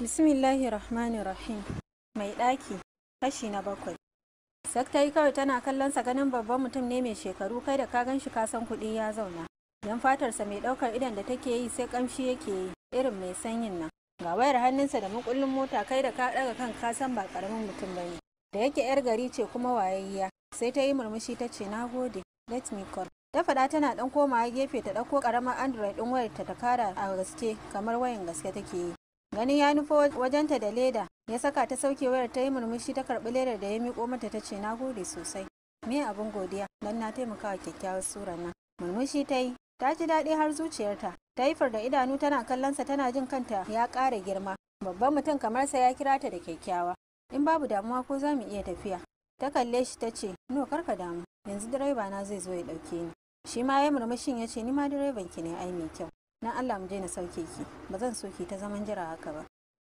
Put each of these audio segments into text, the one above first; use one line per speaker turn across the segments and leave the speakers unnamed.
bismillahi rahmanir rahim mai ɗaki kashi na bakwai yi kawai tana kallon sa ganin babban mutum ne mai shekaru kai da ka gan shi san kuɗi ya zauna yan fatarsa mai ɗaukar idan da take yi sai ƙamshi yake yi irin mai sanyin nan ga wayar hannunsa da makullin mota kai da ka ɗaga kan ka san ba ƙaramin mutum ba ne. da yake yar gari ce kuma wayayya sai ta yi murmushi ta ce na gode let me call ta faɗa tana ɗan komawa gefe ta ɗauko ƙaramar android ɗin wayar ta ta kara a gaske kamar wayan gaske take yi ganin ya nufo wajenta da leda ya saka ta sauke wayar ta yi murmushi ta karɓi ledar da ya miƙo mata ta ce na gode sosai me abin godiya don na taimaka wa kyakkyawar surar nan murmushi ta yi ta ji daɗi har zuciyarta ta yi da idanu tana kallonsa tana jin kanta ya ƙara girma babban mutum kamar sa ya kira ta da kyakkyawa in babu damuwa ko za mu iya tafiya ta kalle shi ta ce no ka damu yanzu direba na zai zo ya ɗauke ni shi ma ya murmushin ya ce ni ma direban ki ne ai mai kyau na Allah mu je na sauke ki ba zan so ki ta zaman jira haka ba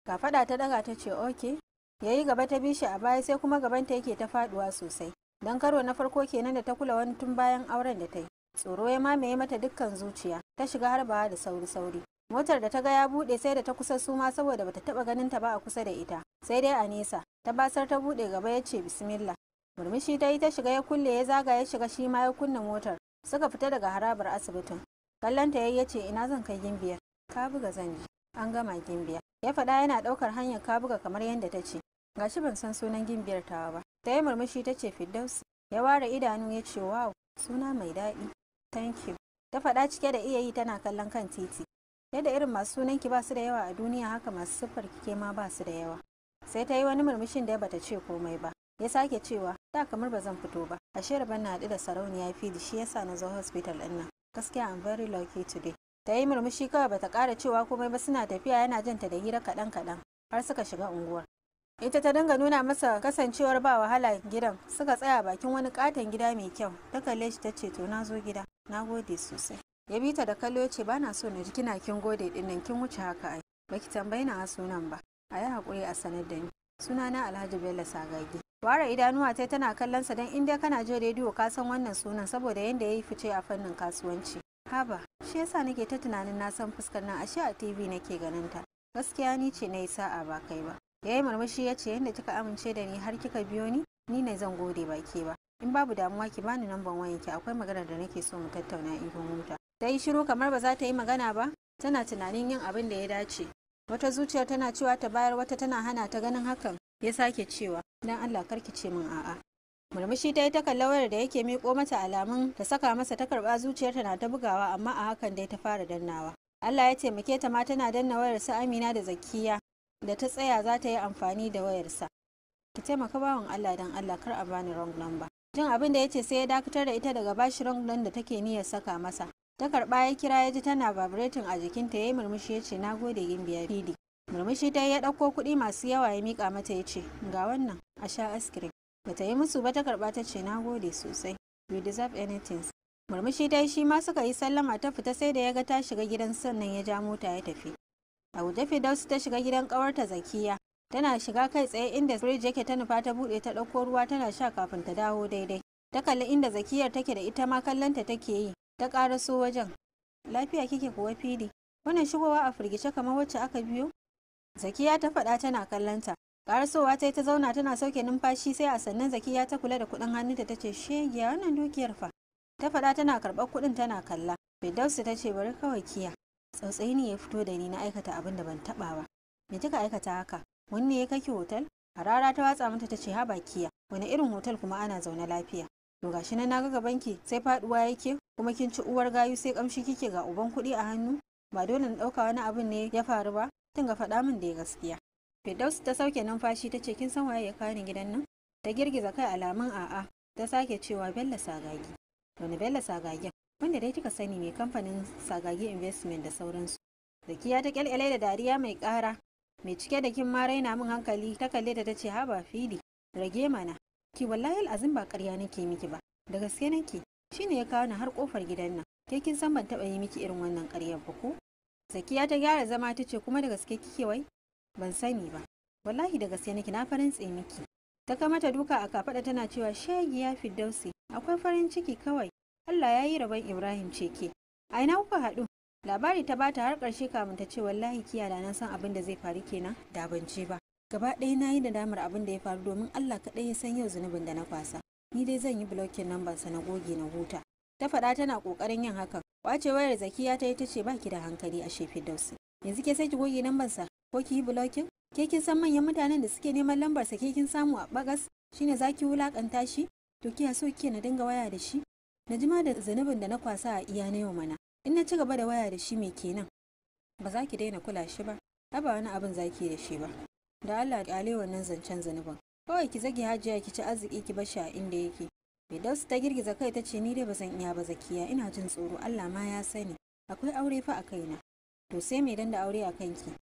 ga fada ta daga ta ce oke yayi gaba ta bishi a baya sai kuma gaban ta yake ta faduwa sosai dan karo na farko kenan da ta kula wani tun bayan auren da ta yi tsoro ya mamaye mata dukkan zuciya ta shiga harbawa da sauri sauri motar da ta ga ya bude sai da ta kusa suma saboda bata taba ganin ta ba a kusa da ita sai dai a nesa ta basar ta bude gaba ya ce bismillah murmushi ta yi ta shiga ya kulle ya zaga ya shiga shi ma ya kunna motar suka fita daga harabar asibitin kallonta ya ce ina zan kai gimbiya ka buga zan je an gama gimbiya ya faɗa yana ɗaukar hanyar ka buga kamar yadda ta ce Ga shi ban san sunan gimbiyar tawa ba ta yi murmushi ta ce firdausi ya ware idanu ya ce wow suna mai daɗi thank you ta faɗa cike da iya yi tana kallon kan titi yadda irin masu sunan ki ba su da yawa a duniya haka masu siffar kike ma ba su da yawa sai ta yi wani murmushin da bata ce komai ba ya sake cewa da kamar ba zan fito ba ashe ban na haɗu da sarauniya fidi shi yasa na zo hospital ɗin nan gaskiya i'm very lucky today ta yi murmushi kawai bata kara cewa komai ba suna tafiya yana jin ta da hira kadan-kadan har suka shiga unguwar ita ta dinga nuna masa kasancewar ba wahala gidan suka tsaya bakin wani katon gida mai kyau ta kalle shi ta ce to na zo gida na gode sosai ya bi ta da kallo ya ce ba na so na ji kina kin gode dinnan kin wuce haka ai baki tambayi na sunan ba a yi haƙuri a sanar da ni sunana alhaji bello sagagi ware idanuwa ta tana kallon sa don inda kana jin rediyo ka san wannan sunan saboda yadda ya yi fice a fannin kasuwanci haba shi yasa nake ta tunanin na san fuskar nan ashe a tv nake ganin ta gaskiya ni ce na yi sa'a ba kai ba yayi yi murmushi ya ce yadda kika amince da ni har kika biyo ni ni ne zan gode ba ke ba in babu damuwa ki bani number 1 ki akwai magana da nake so mu tattauna in huta ta yi shiru kamar ba za ta yi magana ba tana tunanin yin abin da ya dace wata zuciyar tana cewa ta bayar wata tana hana ta ganin hakan ya sake cewa dan Allah karki ce min a'a murmushi dai ta kalla wayar da yake miƙo mata alamun ta saka masa ta karba zuciyarta na ta bugawa amma a hakan dai ta fara dannawa Allah ya taimake ta ma tana danna wayar sa Amina da Zakiya da ta tsaya za ta yi amfani da wayar sa ki taimaka bawan Allah dan Allah kar a bani wrong number jin abin da yace sai ya dakatar da ita daga bashi wrong number da take niyyar saka masa ta karba ya kira ya ji tana vibrating a jikinta ya yi murmushi ya ce nagode gimbiya fidi murmushi dai ya ɗauko kuɗi masu yawa ya mika mata ya ce ga wannan a sha askirin ta yi musu ba ta karɓa ta ce na gode sosai you deserve anything murmushi dai shi ma suka yi sallama ta fita sai da ya ga ta shiga gidan sannan ya ja mota ya tafi a guje firdausu ta shiga gidan ƙawarta zakiya tana shiga kai tsaye inda firij yake ta nufa ta buɗe ta ɗauko ruwa tana sha kafin ta dawo daidai ta kalli inda zakiyar take da ita ma kallonta take yi ta ƙaraso wajen lafiya kike kuwa fili wannan shigowa a firgice kamar wacce aka biyo Zakiya ta faɗa tana kallonta. Karasowa ta yi ta zauna tana sauke numfashi sai a sannan Zakiya ta kula da kuɗin da ta ce shegiya wannan dukiyar fa. Ta faɗa tana karɓar kuɗin tana kalla. Firdausu ta ce bari kawai kiya. Tsautsayi ne ya fito da ni na aikata abin da ban taɓa ba. Me kika aikata haka? Wani ya kake hotel? Harara ta watsa mata ta ce ha kiya. Wani irin hotel kuma ana zaune lafiya. To gashi na naga ki. sai faɗuwa yake kuma kin ci uwar gayu sai kamshi kike ga uban kuɗi a hannu. Ba dole na ɗauka wani abin ne ya faru ba. tun ga faɗa min da ya gaskiya Firdaus ta sauke numfashi ta ce kin san waye ya kare gidan nan ta girgiza kai alamun a'a ta sake cewa Bello Sagagi wani Bello sagagi wanda dai kika sani mai kamfanin Sagagi Investment da sauransu Zakiya ta kyalkyale da dariya mai ƙara mai cike da kin ma raina min hankali ta kalle da ta ce haba fili rage mana ki wallahi azin ba ƙarya nake miki ba da gaske nake shine ya kawo ni har kofar gidan nan ke kin san ban taɓa yi miki irin wannan ƙaryar ba ko Sakiya ta gyara zama ta ce kuma da gaske kike wai? Ban sani ba. Wallahi da gaske nake na farin miki. Ta kamata duka a kafaɗa tana cewa fi dausi. akwai farin ciki kawai. Allah ya yi rabon Ibrahim ce ke. A ina kuka haɗu? Labari ta bata har ƙarshe kamun ta ce wallahi kiya da na san abin da zai faru kenan da ban ce ba. Gaba ɗaya na yi da damar abin da ya faru domin Allah kaɗai ya san yau zunubin da na kwasa. Ni dai zan yi blocking nan sa na goge na huta. Ta faɗa tana ƙoƙarin yin hakan Wace wayar Zakiya ta yi ta ce baki da hankali a shefi dausi. Yanzu ke sai ki goge lambar sa ko ki yi blocking? Ke kin san manyan mutanen da suke neman lambar sa ke kin samu a bagas shine zaki wulakanta shi? To kiya so kike na dinga waya da shi? Na jima da zanubin da na kwasa a iya na yau mana. In na ci gaba da waya da shi me kenan? Ba za ki daina kula shi ba. Haba wani abin zaki da shi ba. Da Allah ƙale wannan zancen zanubin. Kawai ki zage hajiya ki ci arziki ki bashi a inda yake. Fidaus ta girgiza kai ta ce ni dai bazan iya ba zakiya ina jin tsoro Allah ma ya sani akwai aure fa a kaina to sai me dan da aure a kanki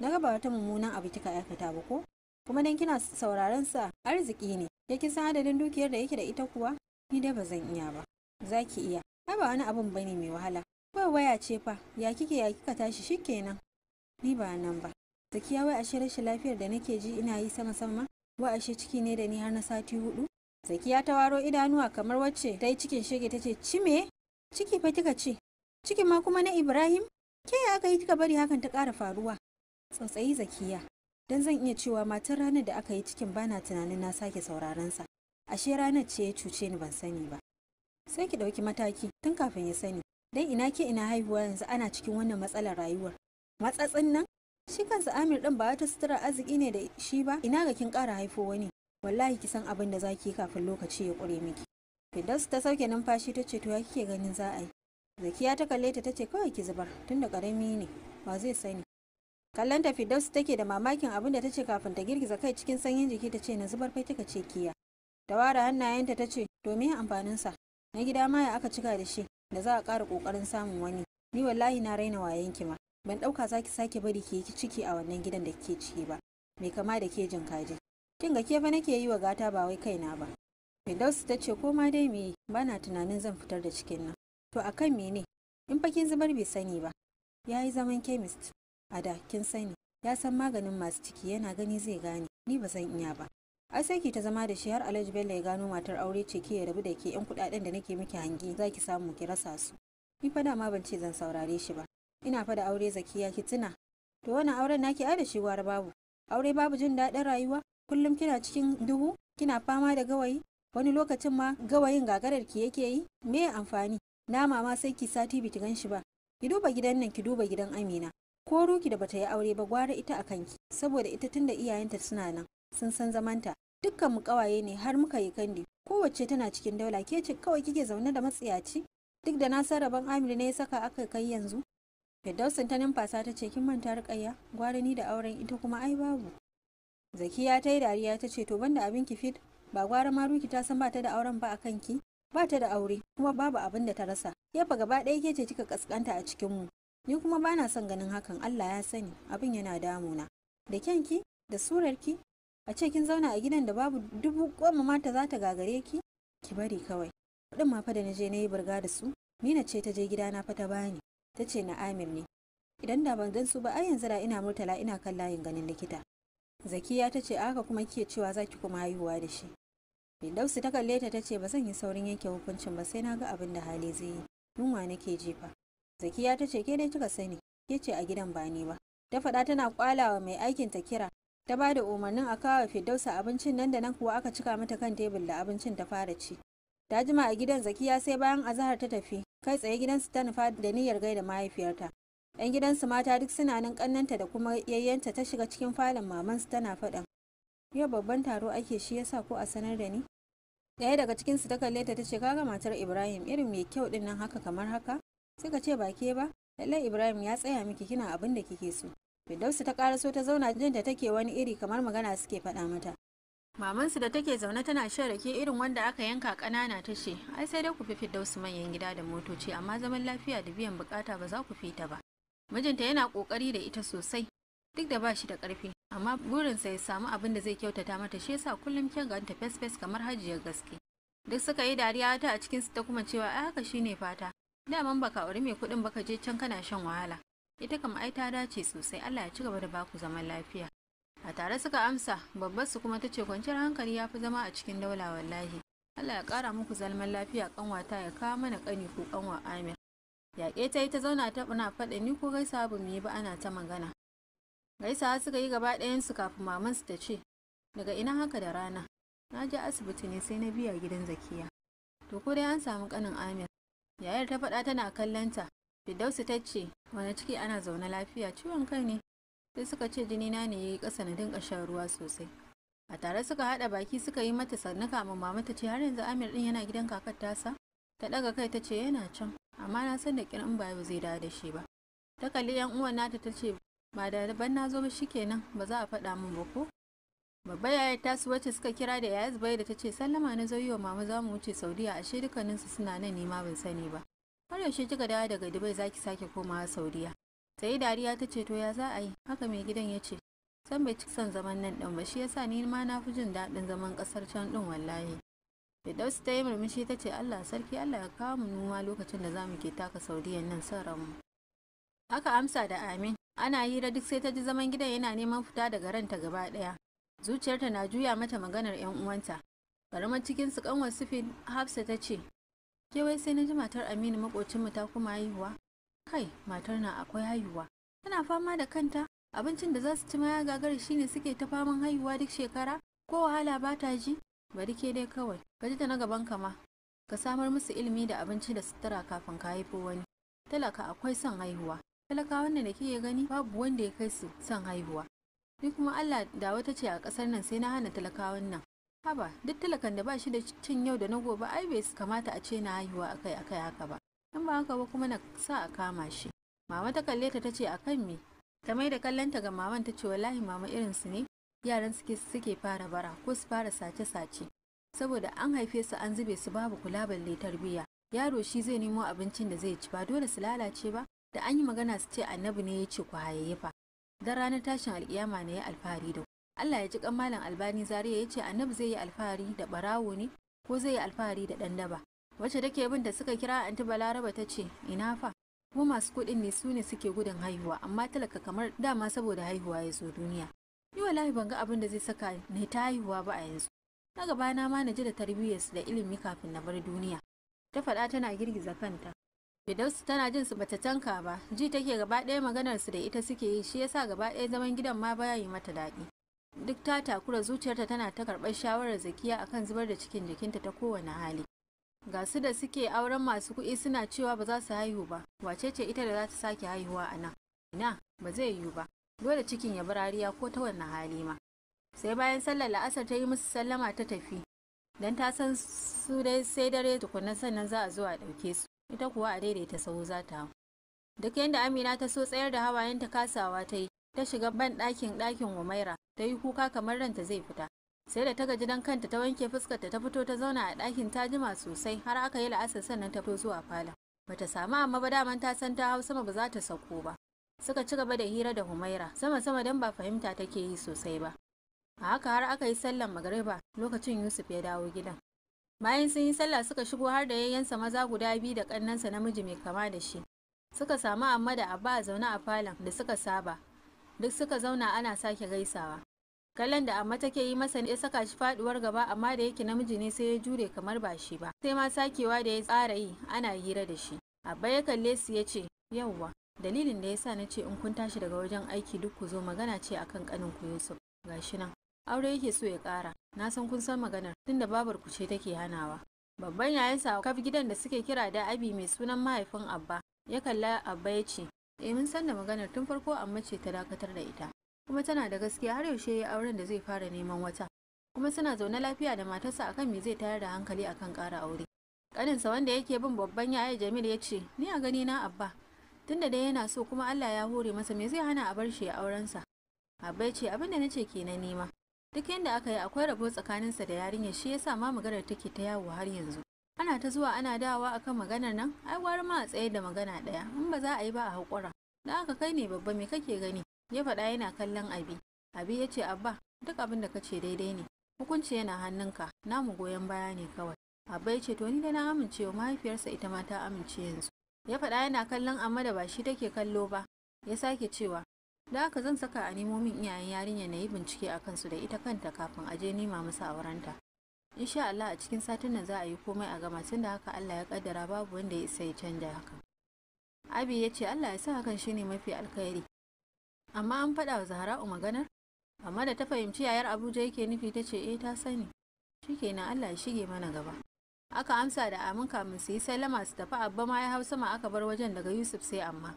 na ga ba wata mummunan abu kika aikata ba ko kuma dan kina sauraron sa arziki ne Ya san adadin dukiyar da yake da ita kuwa ni dai bazan iya ba zaki iya ai ba wani abun bane mai wahala ba waya ce fa ya kike ya kika tashi shikenan ni ba nan ba zakiya wai ashe rashin lafiyar da nake ji ina yi sama sama wa ashe ciki ne da ni har na sati hudu Zakiya ta waro idanuwa kamar wacce ta yi cikin shege ta ce cime ciki fa kika ce Cikin ma kuma na Ibrahim ke ya aka kika bari hakan ta ƙara faruwa tsautsayi Zakiya dan zan iya cewa matar ranar da aka yi cikin bana tunanin na sake sauraron sa ashe ranar ce ya cuce ni ban sani ba sai ki ɗauki mataki tun kafin ya sani dan ina ke ina haihuwa yanzu ana cikin wannan matsalar rayuwar matsatsin nan shi kansa Amir din ba wata sutura arziki ne da shi ba ina ga kin ƙara haifo wani wallahi ki san abin da zaki kafin lokaci ya kure miki Firdaus ta sauke numfashi ta ce to ya kike ganin za a yi Zakiya ta kalle ta tace kawai ki zubar tunda karami ne ba zai sani kallon ta Firdaus take da mamakin abin da tace kafin ta girgiza kai cikin sanyin jiki ta ce na zubar fa kika ce kiya ta ware hannayenta ta ce to me amfanin sa na gida ma ya aka cika da shi da za a kara ƙoƙarin samun wani ni wallahi na raina wayen ki ma ban ɗauka zaki sake bari ki ciki a wannan gidan da kike ciki ba mai kama da kejin kaji kin ga ke nake yi wa gata ba wai kaina ba Firdausu ta ce ko ma dai me ba na tunanin zan fitar da cikin nan to akan mene in fa kin zubar bai sani ba ya yi zaman chemist a da kin sani ya san maganin masu ciki yana gani zai gane ni ba zan iya ba ai sai ki ta zama da shi har Alhaji Bello ya gano matar aure ce ke ya rabu da ke yan kudaden da nake miki hangi ki samu ki rasa su ni fa dama ban ce zan saurare shi ba ina fa da aure zakiya ki tuna to wannan auren naki ai da shi gwara babu aure babu jin daɗin rayuwa kullum kina cikin duhu kina fama da gawayi wani lokacin ma gawayin gagarar ki yake yi me amfani nama ma sai ki sati biki gan shi ba ki duba gidan nan ki duba gidan amina ko ruki da bata yi aure ba gwara ita a kanki saboda ita tunda iyayenta suna nan sun san zamanta dukkan mu kawaye ne har muka yi kandi kowace tana cikin daula ke ce kawai kike zaune da matsiyaci duk da na san rabon amir ne ya saka aka kai yanzu firdausin ta numfasa ta ce kin manta rikayya gwara ni da auren ita kuma ai babu zakiya ta yi dariya ta ce to banda abin ki fit ba gwara ma ruki ta san ba ta da auren ba a kanki ba ta da aure kuma babu abin da ta rasa yafa gaba ɗaya ke ce kika kaskanta a cikin mu ni kuma bana son ganin hakan Allah ya sani abin yana na da kyanki da surarki a ce kin zauna a gidan da babu dubu goma mata za ta gagare ki ki bari kawai kuɗin ma fa da naje na yi burga da su mina ce ta je gidana fa ta bani ta ce na amir ne idan da ban gan su ba ai yanzu da ina murtala ina kan layin ganin likita Zakiya ta ce haka kuma kike cewa za ki kuma haihuwa da shi. Fildausu ta kalle ta ce ba zan yi saurin yanke hukuncin ba sai na ga abin da hali zai yi. Yunwa nake jefa. Zakiya ta ce ke dai kika sani ke ce a gidan ba ni ba. Ta faɗa tana kwalawa mai aikin ta kira. Ta ba da umarnin a kawo Fildausa abincin nan da nan kuwa aka cika mata kan tebur da abincin ta fara ci. Ta jima a gidan Zakiya sai bayan azahar ta tafi kai tsaye gidan su ta nufa da niyyar gaida mahaifiyarta. 'yan gidansu mata duk suna nan kannanta da kuma yayyanta ta shiga cikin falon mamansu tana faɗa yau babban taro ake shi yasa ko a sanar da ni daya daga cikin su ta kalle ta tace kaga matar ibrahim irin mai kyau din nan haka kamar haka suka ce ba ke ba lallai ibrahim ya tsaya miki kina abin da kike so Firdausu ta karaso ta zauna jin da take wani iri kamar magana suke faɗa mata mamansu da take zaune tana shan rake irin wanda aka yanka ƙanana ta ce ai sai dai ku fi Firdausu manyan gida da motoci amma zaman lafiya da biyan bukata ba za ku fita ba mijinta yana kokari da ita sosai duk da ba shi da karfi amma burinsa ya samu abin da zai kyautata mata shi yasa kullum kyan ganta fesfes kamar hajiyar gaske duk suka yi dariya ta a cikin ta kuma cewa ai haka shine fata daman baka aure mai kuɗin baka je can kana shan wahala ita kam ai ta dace sosai Allah ya ci gaba da baku zaman lafiya a tare suka amsa babbar su kuma tace kwanciyar hankali ya fi zama a cikin daula wallahi Allah ya kara muku zalman lafiya kanwata ya kawo mana kani ko kanwa Amir yaƙe ta yi ta zauna ta na faɗa ni ko gaisawa ba mu ba ana ta magana gaisawa suka yi gaba ɗayansu kafin maman su ta ce daga ina haka da rana na je asibiti ne sai na biya gidan zakiya to ko dai an samu ƙanin amir yayar ta faɗa tana kallon ta Firdausu ta ce wani ciki ana zaune lafiya ciwon kai ne sai suka ce jini na ne yayi ƙasa na dinka shan ruwa sosai a tare suka haɗa baki suka yi mata sannu kafin mama ta ce har yanzu amir ɗin yana gidan kakar tasa ta ɗaga kai ta ce yana can amma na san da kiran ba zai dawo da shi ba ta kalli yan uwan nata ta ce ba da ban na zo ba shikenan ba za a faɗa min ba ko babba yaya su wacce suka kira da yaya zubai da ta ce sallama na zo wa mama za mu wuce saudiya ashe dukkaninsu suna nan nima ban sani ba har yaushe kika dawo daga dubai zaki sake komawa saudiya sai dariya ta ce to ya za a yi haka mai gidan ya ce san bai ci son zaman nan ɗin ba shi yasa ni ma na fi jin daɗin zaman kasar can ɗin wallahi Firdaus ta yi murmushi ta ce Allah sarki Allah ya kawo mu numa lokacin da za mu ke taka Saudiyya nan son ranmu. Aka amsa da amin. Ana hira duk sai ta ji zaman gidan yana neman fita daga ranta gaba ɗaya. Zuciyarta na juya mata maganar 'yan uwanta. Karamar cikin su kanwar sifin Hafsa ta ce, Ke wai sai na ji matar Aminu makocinmu ta kuma haihuwa? Kai, matar na akwai haihuwa. Tana fama da kanta, abincin da za su ci ma ya gagara shine suke ta faman haihuwa duk shekara, ko wahala ba ta ji? bari ke dai kawai ka ji ta na gaban ka ma ka samar musu ilimi da abinci da sutura kafin ka haifo wani talaka akwai son haihuwa talakawan da kike gani babu wanda ya kai su son haihuwa ni kuma Allah da wata ce a ƙasar nan sai na hana talakawan nan haba duk talakan da ba shi da cin yau da na gobe ai bai kamata a ce na haihuwa akai akai haka ba in ba haka ba kuma na sa a kama shi mama ta kalle ta tace akan me ta mai da kallanta ga maman ta ce wallahi mama irin su ne yaran suke suke fara bara ko su fara sace-sace saboda an haife su an zube su babu kula balle tarbiyya yaro shi zai nemo abincin da zai ci ba dole su lalace ba da an yi magana su ce annabi ne ya ce ku hayayyafa dan ranar tashin alkiyama ne ya alfahari da Allah ya ji kan malam albani zariya ya ce annabi zai yi alfahari da barawo ne ko zai yi alfahari da dan daba wacce take bin da suka kira anti balaraba ta ce ina fa ko masu kuɗin ne su ne suke gudun haihuwa amma talaka kamar dama saboda haihuwa ya zo duniya ni wallahi ban ga abin da zai saka ni ta haihuwa ba a yanzu na gaba na ma na ji da tarbiyyarsu da ilimi kafin na bar duniya ta faɗa tana girgiza kanta Fidausu tana jin su bata tanka ba, ji take gaba ɗaya maganarsu da ita suke yi shi yasa gaba ɗaya zaman gidan ma baya yi mata daɗi. Duk ta takura zuciyarta tana ta karɓar shawarar zakiya akan zubar da cikin jikinta ta kowane hali. Ga su da suke auren masu kuɗi suna cewa ba za su haihu ba, wace ce ita da za ta sake haihuwa a nan? Ina, ba zai yiwu ba, dole cikin ya rariya ko ta wanne hali ma sai bayan sallar la'asar ta yi musu sallama ta tafi don ta san su dai sai dare tukunna sannan za a zo a ɗauke su ita kuwa a daidaita sahu za ta hau duk yadda amina ta so tsayar da hawayenta kasawa ta yi ta shiga ban ɗakin ɗakin umaira ta yi kuka kamar ranta zai fita sai da ta gaji dan kanta ta wanke fuskarta ta fito ta zauna a ɗakin ta jima sosai har aka yi la'asar sannan ta fi zuwa falon bata samu amma ba daman ta san ta hau sama ba za ta sauko ba suka ci gaba da hira da humaira sama sama don ba fahimta take yi sosai ba a haka har aka yi sallan magariba lokacin yusuf ya dawo gidan bayan sun yi sallah suka shigo har da yayyansa maza guda biyu da ƙannansa namiji mai kama da shi suka samu amma da abba a zaune a falon da suka saba duk suka zauna ana sake gaisawa kallon da amma take yi masa ya saka shi faduwar gaba amma da yake namiji ne sai ya jure kamar ba shi ba sai ma sakewa da ya tsara yi ana hira da shi abba ya kalle su ya ce yauwa dalilin da ya sa na ce in kun tashi daga wajen aiki duk ku zo magana ce akan kanin ku Yusuf gashi nan aure yake so ya kara. na san kun san maganar tunda babar ku ce take hanawa babban sa kaf gidan da suke kira da abi mai sunan mahaifin abba ya kalla abba ya ce eh mun san da maganar tun farko amma ce ta dakatar da ita kuma tana da gaskiya har yaushe ya auren da zai fara neman wata kuma suna zaune lafiya da matarsa akan me zai tayar da hankali akan kara aure kaninsa wanda yake bin babban yaya Jamil ya ce ni a gani na abba tunda dai yana so kuma Allah ya hore masa me zai hana a bar shi ya auren sa Abba ce abin da nace kenan nima duk yanda aka yi akwai rabo tsakanin sa da yarinyar shi yasa ma maganar take ta yawo har yanzu ana ta zuwa ana dawa akan maganar nan ai gwara ma a tsaye da magana ɗaya in ba za a yi ba a hakura da aka kai ne babba me kake gani ya faɗa yana kallon abi abi yace, ce abba duk abin da kace daidai ne hukunci yana hannunka namu goyon baya ne kawai abba ya ce to ni da na amincewa mahaifiyarsa ita ma ta amince yanzu ya faɗa yana kallon amma da ba shi take kallo ba ya sake cewa da haka zan saka a nemo min iyayen yarinya na yi bincike a kansu da ita kanta kafin a je nima musu aurenta insha Allah a cikin satin nan za a yi komai a gama da haka Allah ya kaddara babu wanda ya isa ya canja haka Abi ya ce Allah ya sa hakan shine mafi alkhairi amma an faɗa wa Zahra'u maganar amma da ta fahimci yayar Abuja yake nufi ta ce eh ta sani shikenan Allah ya shige mana gaba aka amsa da amin kamun su yi sallama su tafi abba ma ya hau sama aka bar wajen daga yusuf sai amma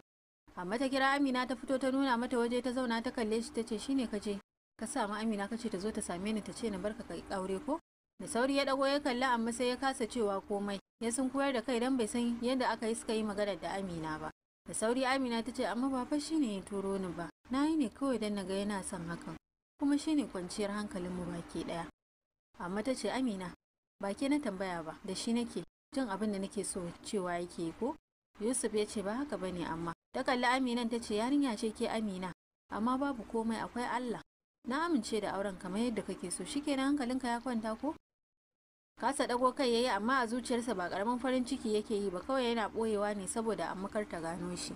amma ta kira amina ta fito ta nuna mata waje ta zauna ta kalle shi ta ce shine ka je ka samu amina ka ce ta zo ta same ni ta ce na barka ka aure ko da sauri ya dago ya kalli amma sai ya kasa cewa komai ya sun koyar da kai dan bai san yadda aka yi suka yi magana da amina ba da sauri amina ta ce amma ba fa shine ya turo ni ba na yi ne kawai dan na ga yana son hakan kuma shine kwanciyar hankalin mu baki daya amma ta ce amina ba ke na tambaya ba da shi nake jin abin da nake so cewa yake ko yusuf ya ce ba haka ba ne amma ta kalli aminan ta ce yarinya ce ke amina amma babu komai akwai allah na amince da auren kamar yadda kake so shikenan hankalinka ya kwanta ko kasa dago kai yayi amma a zuciyarsa ba karamin farin ciki yake yi ba kawai yana boyewa ne saboda an makar ta gano shi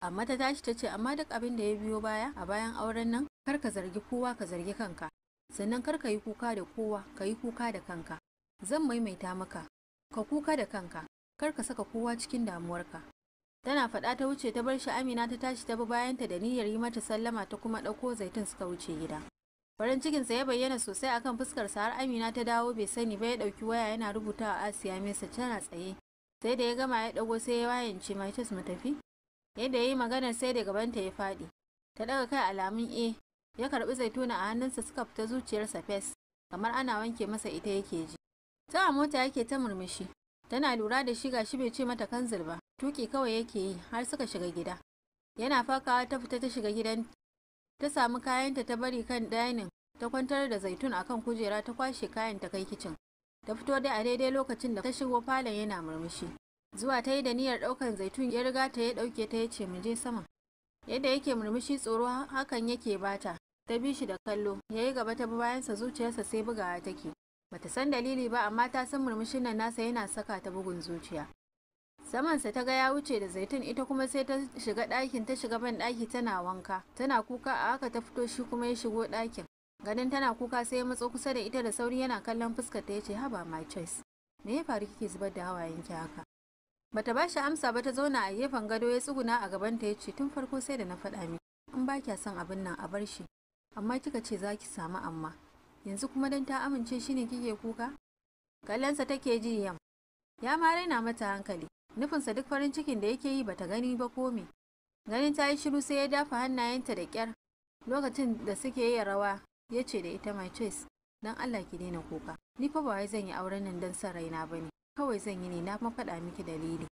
amma ta tashi ta ce amma duk abin da ya biyo baya a bayan auren nan kar ka zargi kowa ka zargi kanka sannan kar ka yi kuka da kowa ka yi kuka da kanka zan maimaita maka ka kuka da kanka kar ka saka kowa cikin damuwarka tana faɗa ta wuce ta bar shi amina ta tashi ta bi bayanta da niyyar yi mata sallama ta kuma ɗauko zaitun suka wuce gida farin cikinsa ya bayyana sosai akan fuskarsa har amina ta dawo bai sani ba ya ɗauki waya yana rubuta a asiya mesa tana tsaye sai da ya gama ya ɗago sai ya wayance maitis mu tafi yadda ya yi maganar sai da gabanta ya faɗi ta ɗaga kai alamun e ya karbi zaituna a hannunsa suka fita zuciyarsa fes kamar ana wanke masa ita yake ji ta a mota yake ta murmushi tana lura da shi gashi bai ce mata kanzil ba tuki kawai yake yi har suka shiga gida yana fakawa ta fita ta shiga gidan ta samu kayanta ta bari kan dainin ta kwantar da zaitun akan kujera ta kwashe kayan ta kai kicin ta fito dai a daidai lokacin da ta shigo falon yana murmushi zuwa ta yi da niyyar ɗaukan zaitun ya riga ta ya ɗauke ta ya ce mu je sama yadda yake murmushi tsoro hakan yake bata ta bi shi da kallo ya yi gaba ta bi bayansa zuciyarsa sai bugawa take bata san dalili ba amma ta san murmushin nan nasa yana saka ta bugun zuciya samansa ta ga ya wuce da zaitun ita kuma sai ta shiga ɗakin ta shiga ban ɗaki tana wanka tana kuka a haka ta fito shi kuma ya shigo ɗakin ganin tana kuka sai ya matso kusa da ita da sauri yana kallon fuskar ta yace haba my choice me ya faru kike zubar da ki haka bata ba shi amsa ba ta zauna a gefen gado ya tsuguna a gaban ta yace tun farko sai da na faɗa miki in ba kya son abin nan a bar shi amma kika ce za ki samu amma yanzu kuma dan ta amince shine kike kuka kallonsa take ji yam ya ma raina mata hankali nufinsa duk farin cikin da yake yi bata gani ba ko me ganin ta yi shiru sai ya dafa hannayenta da kyar lokacin da suke yi rawa ya ce da ita mai choice dan allah ki daina kuka ni fa ba wai zan yi auren nan dan san raina ba ne kawai zan yi ne na ma faɗa miki dalili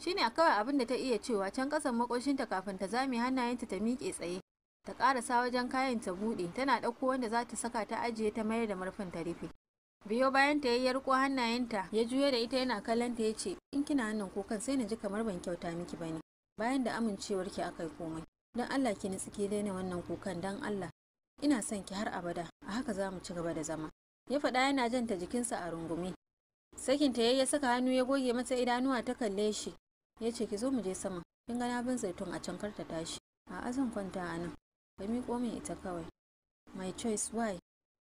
shine a kawai abin da ta iya cewa can ƙasan makoshinta kafin ta zame hannayenta ta miƙe tsaye ta karasa wajen kayan ta bude tana ɗauko wanda za ta saka ta ajiye ta mayar da murfin ta rufe biyo bayan ta ya ko hannayenta ya juya da ita yana kallon ta ce. in kina hannun kukan sai na ji kamar ban kyauta miki bane bayan da amincewar ki akai komai dan Allah ki nitsike daina wannan kukan dan Allah ina son ki har abada a haka za mu ci gaba da zama ya faɗa yana jan ta jikinsa a rungume sakin ta ya saka hannu ya goge mata idanuwa ta kalle shi yace ki zo mu je sama kin ga na bin zaitun a can kar ta tashi a'a zan kwanta a nan ka miƙo min ita kawai my choice why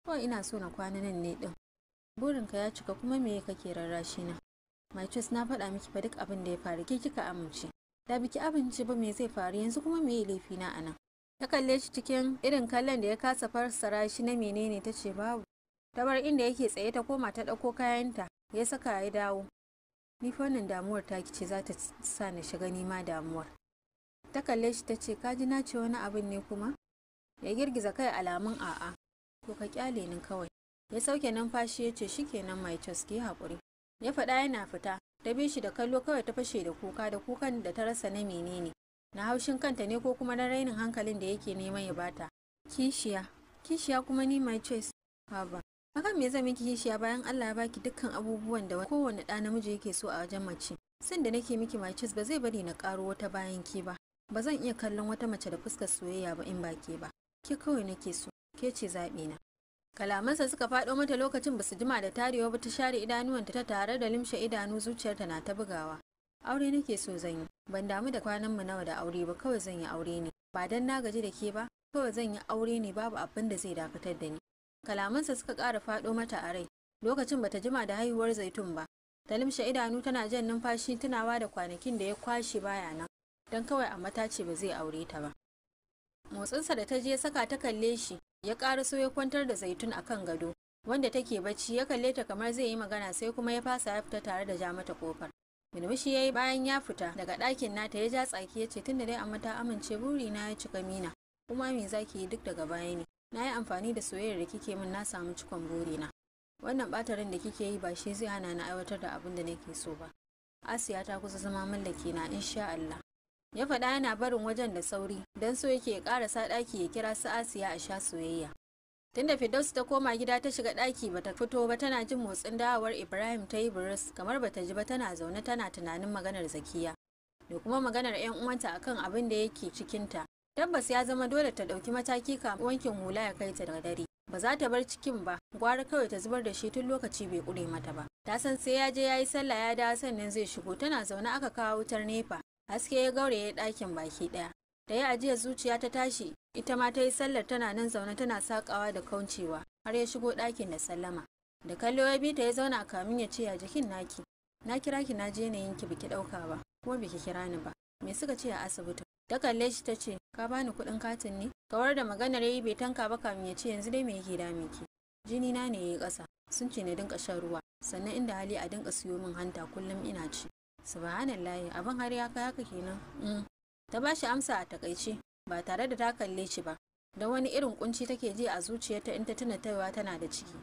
kawai ina so na kwana nan ne din burinka ya cika kuma me kake rarrashi na my choice na faɗa miki fa duk abin da ya faru ke kika amince da biki abinci ba me zai faru yanzu kuma me laifi na anan ta kalle shi cikin irin kallon da ya kasa fassara shi na menene ta ce babu ta bar inda yake tsaye ta koma ta ɗauko kayanta ya saka ya dawo ni fannin damuwar ta kice za ta sa na shiga nima damuwar ta kalle shi ta ce kaji na ce wani abin ne kuma ya girgiza kai alamun a'a to ka kyale ni kawai ya sauke numfashi ya ce kenan mai cas ki haƙuri ya faɗa yana fita ta bi shi da kallo kawai ta fashe da kuka da kukan da ta rasa na menene na haushin kanta ne ko kuma na rainin hankalin da yake neman ya bata kishiya kishiya kuma ni mai choice haba akan me zan miki kishiya bayan Allah ya baki dukkan abubuwan da kowane ɗa namiji yake so a wajen mace sin da nake miki mai choice ba zai bari na karo wata bayan ki ba ba zan iya kallon wata mace da fuskar soyayya ba in ba ke ba ke kawai nake so ke ce na? kalamansa suka faɗo mata lokacin basu jima da tarewa ba ta share idanuwanta ta tare da limshe idanu zuciyarta na ta bugawa aure nake so zan yi ban damu da kwanan mu nawa da aure ba kawai zan yi aure ne ba dan na gaji da ke ba kawai zan yi aure ne babu abin da zai dakatar da ni kalamansa suka ƙara faɗo mata a rai lokacin bata jima da haihuwar zaitun ba ta limshe idanu tana jan numfashi tunawa da kwanakin da ya kwashe baya nan don kawai a ta ce ba zai aure ta ba motsinsa da ta je saka ta kalle shi ya so ya kwantar da zaitun a kan gado wanda take bacci ya kalle ta kamar zai yi magana sai kuma ya fasa ya fita tare da ja mata kofar Minmushi ya yi bayan ya fita daga ɗakin nata ya ja tsaki ya ce tunda dai amma ta amince buri na ya cika mina kuma me zaki yi duk daga baya ne na yi amfani da soyayyar da kike min na samu cikon buri na wannan batarin da kike yi ba shi zai hana na aiwatar da abin da nake so ba asiya ta kusa zama mallaki na insha Allah ya faɗa yana barin wajen da sauri don so yake ya sa ɗaki ya kira su asiya a sha soyayya tunda fidos ta koma gida ta shiga ɗaki bata fito ba tana jin motsin dawowar ibrahim ta yi buris kamar bata ji ba tana zaune tana tunanin maganar zakiya da kuma maganar 'yan uwanta akan abin da yake cikinta tabbas ya zama dole ta ɗauki mataki kafin wankin hula ya kai ta daga dare ba za ta bar cikin ba gwara kawai ta zubar da shi tun lokaci bai ƙure mata ba ta san sai ya je ya yi sallah ya dawo sannan zai shigo tana zaune aka kawo wutar nefa haske ya gauraye ɗakin baki ɗaya da ya ajiya zuciya ta tashi ita ma ta yi sallar tana nan zaune tana sakawa da kauncewa har ya shigo ɗakin da sallama da kallo ya bi ta ya zauna kamin ya ce ya jikin naki na kira ki na je yanayin ki biki ɗauka ba kuma biki kira ni ba me suka ce a asibitin ta kalle shi ta ce ka bani kuɗin katin ne kawar da maganar yayi bai tanka ba kamin ya ce yanzu dai me yake dame ki jini na ne yayi ƙasa sun ce na dinka shan ruwa sannan inda hali a dinka siyo min hanta kullum ina ci subhanallahi abin har ya kai haka kenan mm. ta ba shi amsa a takaice ba tare da ta kalle shi ba Da wani irin kunci take ji a zuciyarta in ta tuna taiwa tana da ciki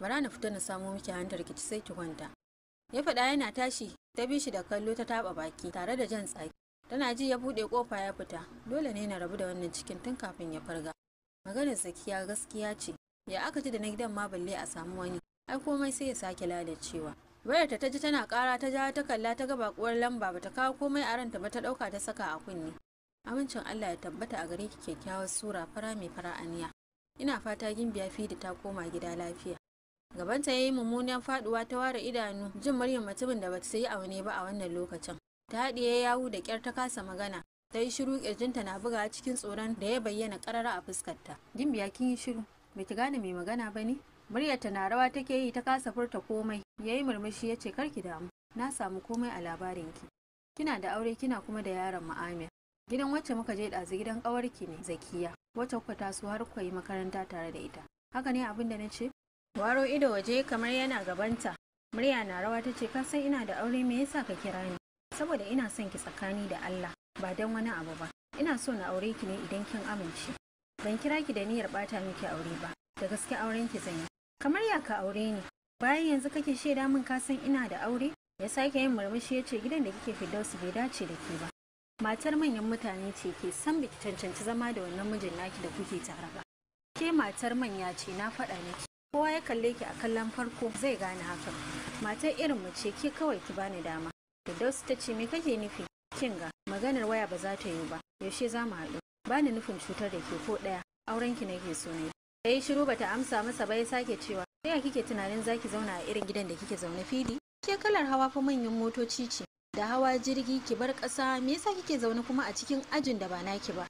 bara na fita na samu miki hantar ki sai ki kwanta ya faɗa yana tashi ta bi shi da kallo ta taba baki tare da jan tsaki tana ji ya buɗe kofa ya fita dole ne na rabu da wannan cikin tun kafin ya farga maganar zakiya gaskiya ce ya aka ji da na gidan ma balle a samu wani ai komai sai ya sake lalacewa wayarta ta ji tana kara ta ja ta kalla ta ga bakuwar lamba bata kawo komai a ranta ba ta dauka ta saka a kunne amincin Allah ya tabbata a gare ki kyakkyawar sura fara mai fara aniya ina fata gimbiya da ta koma gida lafiya gabanta yayi mummunan faduwa ta ware idanu jin Maryam mutumin da bata sayi aune ba a wannan lokacin ta haɗiye yawu da kyar ta kasa magana ta yi shiru kirjinta na buga cikin tsoron da ya bayyana karara a fuskarta gimbiya kin yi shiru baki gane mai magana ba ne ta na rawa take yi ta kasa furta komai ya yi murmushi ya ce karki damu na samu komai a labarinki kina da aure kina kuma da yaron mu'amir gidan wacce muka je ɗazu gidan ƙawarki ne zakiya wacce kuka taso har kuka yi makaranta tare da ita haka ne abin da na ce waro ido waje kamar yana gabanta murya na rawa ta ce ka san ina da aure me yasa ka kira ni saboda ina son ki tsakani da Allah ba dan wani abu ba ina so na aure ki ne idan kin amince ban kira ki da niyyar bata miki aure ba da gaske auren ki zan yi kamar ya ka aure ni bayan yanzu kake shaida min ka san ina da aure ya sake yin murmushi ya ce gidan da kike firdausu bai dace da ke ba matar manyan mutane ce ke san biki cancanci zama da wannan mijin naki da kuke tare ba ke matar manya ce na faɗa miki kowa ya kalle ki a kallon farko zai gane hakan matar irin mu ce ke kawai ki bani dama firdausu ta ce me kake nufi kin ga maganar waya ba za ta yiwu ba yaushe za mu haɗu bani nufin cutar da ke ko ɗaya aurenki nake so ne ta yi shiru bata amsa masa ba ya sake cewa sai kike tunanin zaki zauna a irin gidan da kike zaune fili ke kalar hawa fa manyan motoci ce da hawa jirgi ki bar ƙasa me yasa kike zaune kuma a cikin ajin da ba naki ba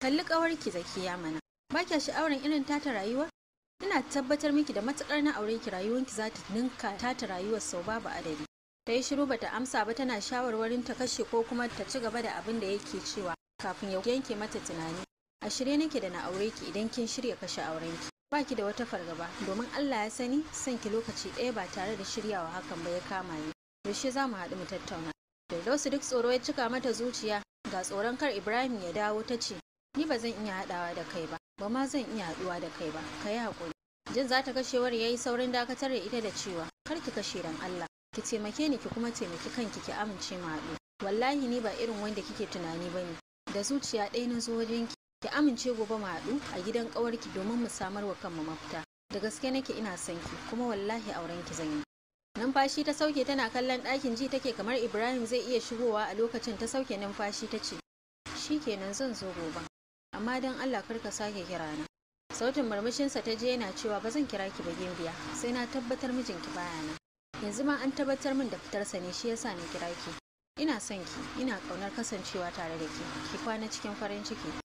kalli kawar ki zakiya mana ba kya sha'awar irin tata rayuwa ina tabbatar miki da matukar na aure ki rayuwar ki za ta ninka tata rayuwar sau babu adadi ta yi shiru bata amsa ba tana shawarwarin ta kashe ko kuma ta ci gaba da abin da yake cewa kafin ya yanke mata tunani a shirye nake da na aure ki idan kin shirya kashe auren ki. ba ki da wata fargaba domin Allah ya sani son ki lokaci ɗaya ba tare da shiryawa hakan ba ya kama ni yaushe za mu haɗu mu tattauna Firdausu duk tsoro ya cika mata zuciya ga tsoron kar Ibrahim ya dawo ta ce ni ba zan iya haɗawa da kai ba ba ma zan iya haɗuwa da kai ba ka yi haƙuri jin za ta kashewar ya yi saurin dakatar da ita da cewa kar ki kashe dan Allah ki taimake ni ki kuma taimaki kanki ki amince mu haɗu wallahi ni ba irin wanda kike tunani ba ne da zuciya ɗaya na zo wajen ki amince gobe mu haɗu a gidan ƙawarki domin mu samar wa kanmu mafita da gaske nake ina son ki kuma wallahi auren ki zan yi numfashi ta sauke tana kallon ɗakin ji take kamar ibrahim zai iya shigowa a lokacin ta sauke numfashi ta ce shikenan zan zo gobe amma don allah kar ka sake kira na sautin murmushinsa ta je yana cewa ba zan kira ki ba gimbiya sai na tabbatar mijinki baya nan yanzu ma an tabbatar min da fitarsa ne shi yasa na kira ki ina son ki ina ƙaunar kasancewa tare da ki ki kwana cikin farin ciki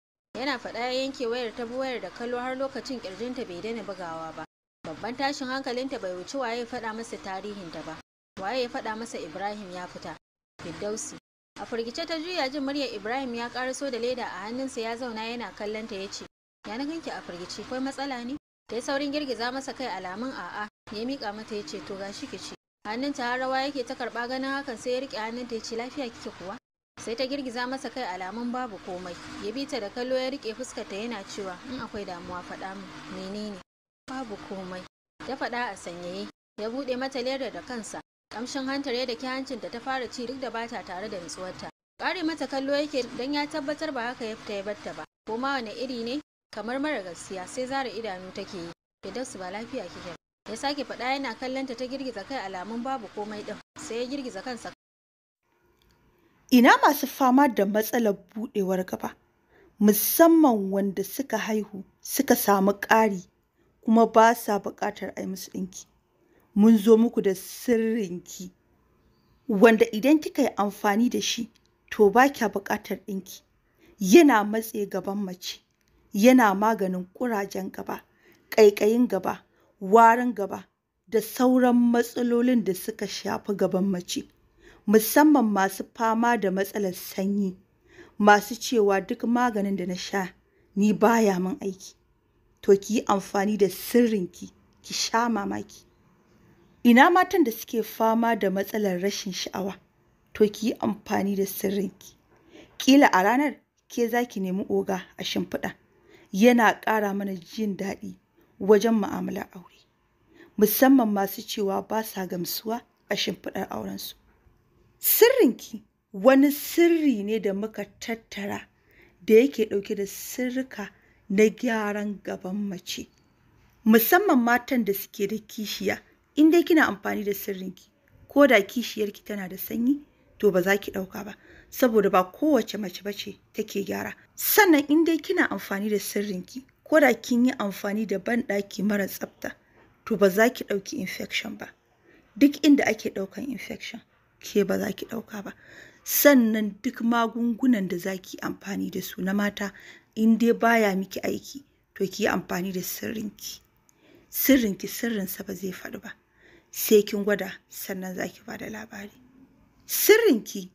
yana faɗa ya yanke wayar ta wayar da kallo har lokacin ƙirjinta bai daina bugawa ba babban tashin hankalinta bai wuci waye ya faɗa masa tarihinta ba waye ya faɗa masa ibrahim ya fita firdausi a firgice ta juya jin muryar ibrahim ya ƙaraso da leda a hannunsa ya zauna yana kallon ta ce. ya na ganki a firgice kwai matsala ne ta yi saurin girgiza masa kai alamun a'a ya miƙa mata ya ce to gashi ki ci hannunta har rawa yake ta karɓa ganin hakan sai ya riƙe hannunta ce lafiya kike kuwa sai ta girgiza masa kai alamun babu komai ya bi ta da kallo ya rike fuskarta yana cewa in akwai damuwa faɗa mu menene babu komai ta faɗa a sanyaye ya buɗe mata leda da kansa kamshin hantar ya daki hancin da ta fara ci duk da bata tare da nutsuwarta ƙare mata kallo yake don ya tabbatar ba haka ya fita ya batta ba ko ma wani iri ne kamar mara gaskiya sai zara idanu take yi su ba lafiya kike ya sake faɗa yana kallon ta ta girgiza kai alamun babu komai ɗin sai ya girgiza kansa
Ina masu fama da matsalar buɗewar gaba, musamman wanda suka haihu suka samu ƙari kuma ba sa buƙatar a yi musu ɗinki. Mun zo muku da sirrinki wanda idan kika yi amfani da shi to ba kya buƙatar ɗinki. Yana matse gaban mace, yana maganin ƙurajen gaba, ƙaiƙayin gaba, warin gaba da sauran matsalolin da suka shafi gaban mace. musamman masu fama da matsalar sanyi masu cewa duk maganin da na sha ni baya min aiki to ki yi amfani da sirrinki ki sha mamaki ina matan da suke fama da matsalar rashin sha'awa to ki amfani da sirrinki kila a ranar ke za ki nemi oga a shimfiɗa yana ƙara mana jin daɗi wajen ma'amalar aure musamman masu cewa ba sa gamsuwa a shimfiɗar aurensu Sirrinki wani sirri ne da muka tattara da yake ɗauke da sirrika na gyaran gaban mace, musamman matan da suke da kishiya. In kina amfani da sirrinki, ko da kishiyarki tana da sanyi, to ba za ki ɗauka ba, saboda ba kowace mace bace take gyara. Sannan in dai kina amfani da sirrinki, ko da kin yi amfani da banɗaki mara tsafta, to ba za ki ɗauki infection ba. Duk inda ake ɗaukan infection, ke ba za ki ɗauka ba sannan duk magungunan da za ki amfani da su na mata in dai baya miki aiki to ki yi amfani da sirrinki sirrinki sirrinsa ba zai faɗi ba sai kin gwada sannan za ki ba da labari sirrinki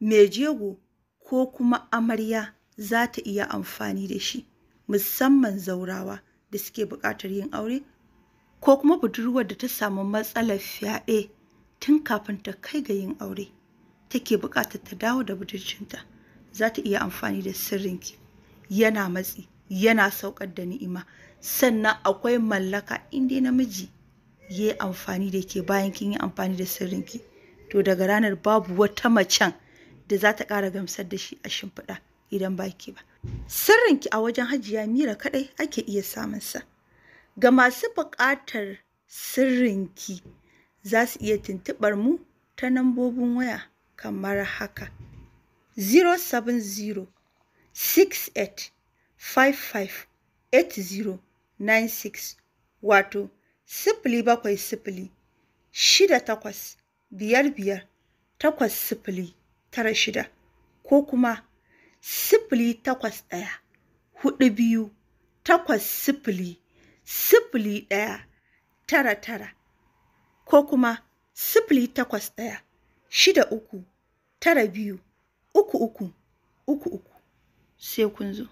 mai jego ko kuma amarya za ta iya amfani da shi musamman zaurawa da suke buƙatar yin aure ko kuma budurwar da ta samu matsalar fyaɗe tun kafin ta kai ga yin aure take buƙatar ta dawo da budurcinta za ta iya amfani da sirrinki yana matsi yana saukar da ni'ima sannan akwai mallaka inda namiji ya amfani da ke bayan kin yi amfani da sirrinki to daga ranar babu wata macen da za ta ƙara gamsar da shi a shimfiɗa idan ba baki ba sirrinki a wajen hajiya mira kaɗai ake iya samunsa ga masu buƙatar sirrinki za su iya tuntuɓar mu ta nambobin waya kamar haka 070 68 55 8096 wato sifili bakwai sifili shida takwas shida ko kuma sifili takwas ɗaya huɗu biyu takwas sifili sifili ɗaya tara tara ko kuma sifili takwas ɗaya shida uku tara biyu uku uku uku uku sai kun zo.